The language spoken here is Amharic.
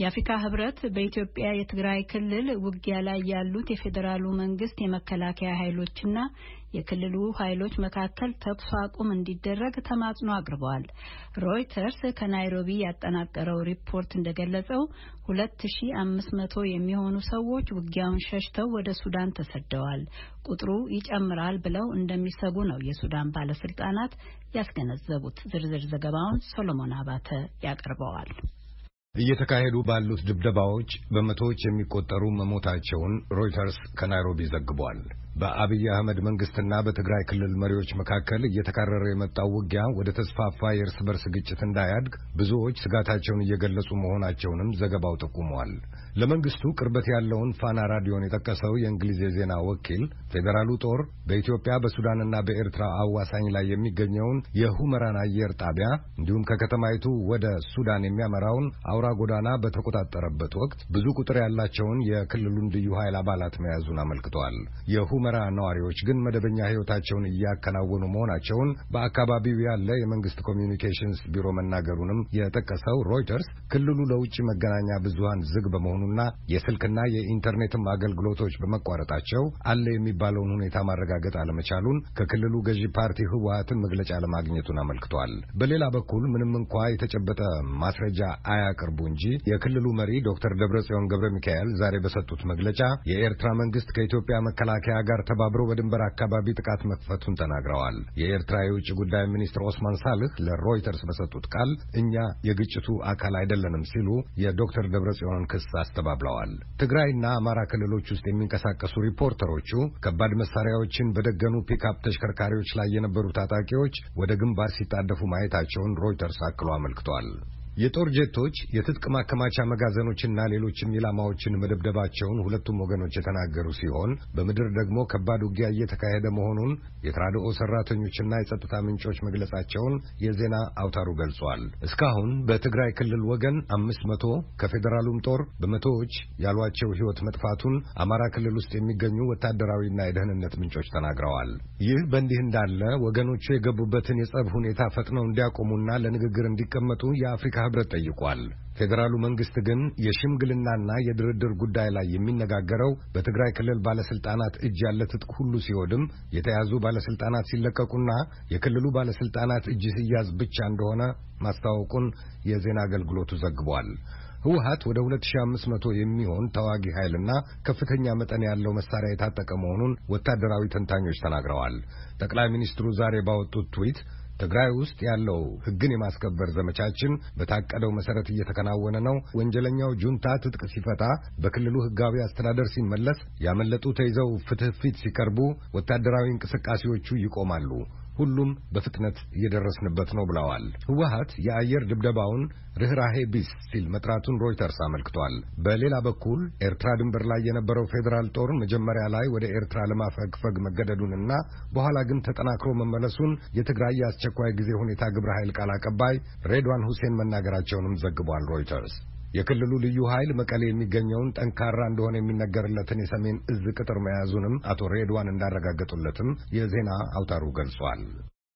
የአፍሪካ ህብረት በኢትዮጵያ የትግራይ ክልል ውጊያ ላይ ያሉት የፌዴራሉ መንግስት የመከላከያ ኃይሎችና የክልሉ ኃይሎች መካከል ተኩስ አቁም እንዲደረግ ተማጽኖ አቅርበዋል። ሮይተርስ ከናይሮቢ ያጠናቀረው ሪፖርት እንደገለጸው 2500 የሚሆኑ ሰዎች ውጊያውን ሸሽተው ወደ ሱዳን ተሰደዋል። ቁጥሩ ይጨምራል ብለው እንደሚሰጉ ነው የሱዳን ባለስልጣናት ያስገነዘቡት። ዝርዝር ዘገባውን ሶሎሞን አባተ ያቀርበዋል። እየተካሄዱ ባሉት ድብደባዎች በመቶዎች የሚቆጠሩ መሞታቸውን ሮይተርስ ከናይሮቢ ዘግቧል። በአብይ አህመድ መንግስትና በትግራይ ክልል መሪዎች መካከል እየተካረረ የመጣው ውጊያ ወደ ተስፋፋ የእርስ በርስ ግጭት እንዳያድግ ብዙዎች ስጋታቸውን እየገለጹ መሆናቸውንም ዘገባው ጠቁመዋል። ለመንግስቱ ቅርበት ያለውን ፋና ራዲዮን የጠቀሰው የእንግሊዝ የዜና ወኪል ፌዴራሉ ጦር በኢትዮጵያ በሱዳንና በኤርትራ አዋሳኝ ላይ የሚገኘውን የሁመራን አየር ጣቢያ እንዲሁም ከከተማይቱ ወደ ሱዳን የሚያመራውን አውራ ጎዳና በተቆጣጠረበት ወቅት ብዙ ቁጥር ያላቸውን የክልሉን ልዩ ኃይል አባላት መያዙን አመልክተዋል። የሰመራ ነዋሪዎች ግን መደበኛ ሕይወታቸውን እያከናወኑ መሆናቸውን በአካባቢው ያለ የመንግስት ኮሚዩኒኬሽንስ ቢሮ መናገሩንም የጠቀሰው ሮይተርስ ክልሉ ለውጭ መገናኛ ብዙሃን ዝግ በመሆኑና የስልክና የኢንተርኔትም አገልግሎቶች በመቋረጣቸው አለ የሚባለውን ሁኔታ ማረጋገጥ አለመቻሉን ከክልሉ ገዢ ፓርቲ ህወሀትን መግለጫ ለማግኘቱን አመልክቷል። በሌላ በኩል ምንም እንኳ የተጨበጠ ማስረጃ አያቅርቡ እንጂ የክልሉ መሪ ዶክተር ደብረጽዮን ገብረ ሚካኤል ዛሬ በሰጡት መግለጫ የኤርትራ መንግስት ከኢትዮጵያ መከላከያ ጋር ተባብሮ በድንበር አካባቢ ጥቃት መክፈቱን ተናግረዋል። የኤርትራ የውጭ ጉዳይ ሚኒስትር ኦስማን ሳልህ ለሮይተርስ በሰጡት ቃል እኛ የግጭቱ አካል አይደለንም ሲሉ የዶክተር ደብረጽዮንን ክስ አስተባብለዋል። ትግራይና አማራ ክልሎች ውስጥ የሚንቀሳቀሱ ሪፖርተሮቹ ከባድ መሳሪያዎችን በደገኑ ፒክአፕ ተሽከርካሪዎች ላይ የነበሩ ታጣቂዎች ወደ ግንባር ሲጣደፉ ማየታቸውን ሮይተርስ አክሎ አመልክቷል። የጦር ጀቶች የትጥቅ ማከማቻ መጋዘኖችና ሌሎችም ኢላማዎችን መደብደባቸውን ሁለቱም ወገኖች የተናገሩ ሲሆን በምድር ደግሞ ከባድ ውጊያ እየተካሄደ መሆኑን የተራድኦ ሰራተኞችና የጸጥታ ምንጮች መግለጻቸውን የዜና አውታሩ ገልጿል። እስካሁን በትግራይ ክልል ወገን አምስት መቶ ከፌዴራሉም ጦር በመቶዎች ያሏቸው ሕይወት መጥፋቱን አማራ ክልል ውስጥ የሚገኙ ወታደራዊና የደህንነት ምንጮች ተናግረዋል። ይህ በእንዲህ እንዳለ ወገኖቹ የገቡበትን የጸብ ሁኔታ ፈጥነው እንዲያቆሙና ለንግግር እንዲቀመጡ የአፍሪካ ህብረት ጠይቋል። ፌዴራሉ መንግስት ግን የሽምግልናና የድርድር ጉዳይ ላይ የሚነጋገረው በትግራይ ክልል ባለስልጣናት እጅ ያለ ትጥቅ ሁሉ ሲወድም የተያዙ ባለስልጣናት ሲለቀቁና የክልሉ ባለስልጣናት እጅ ሲያዝ ብቻ እንደሆነ ማስታወቁን የዜና አገልግሎቱ ዘግቧል። ህወሀት ወደ 2500 የሚሆን ተዋጊ ኃይልና ከፍተኛ መጠን ያለው መሳሪያ የታጠቀ መሆኑን ወታደራዊ ተንታኞች ተናግረዋል። ጠቅላይ ሚኒስትሩ ዛሬ ባወጡት ትዊት ትግራይ ውስጥ ያለው ሕግን የማስከበር ዘመቻችን በታቀደው መሰረት እየተከናወነ ነው። ወንጀለኛው ጁንታ ትጥቅ ሲፈታ፣ በክልሉ ሕጋዊ አስተዳደር ሲመለስ፣ ያመለጡ ተይዘው ፍትሕ ፊት ሲቀርቡ፣ ወታደራዊ እንቅስቃሴዎቹ ይቆማሉ። ሁሉም በፍጥነት እየደረስንበት ነው ብለዋል። ህወሀት የአየር ድብደባውን ርኅራሄ ቢስ ሲል መጥራቱን ሮይተርስ አመልክቷል። በሌላ በኩል ኤርትራ ድንበር ላይ የነበረው ፌዴራል ጦር መጀመሪያ ላይ ወደ ኤርትራ ለማፈግፈግ መገደዱንና በኋላ ግን ተጠናክሮ መመለሱን የትግራይ የአስቸኳይ ጊዜ ሁኔታ ግብረ ኃይል ቃል አቀባይ ሬድዋን ሁሴን መናገራቸውንም ዘግቧል ሮይተርስ። የክልሉ ልዩ ኃይል መቀሌ የሚገኘውን ጠንካራ እንደሆነ የሚነገርለትን የሰሜን እዝ ቅጥር መያዙንም አቶ ሬድዋን እንዳረጋገጡለትም የዜና አውታሩ ገልጿል።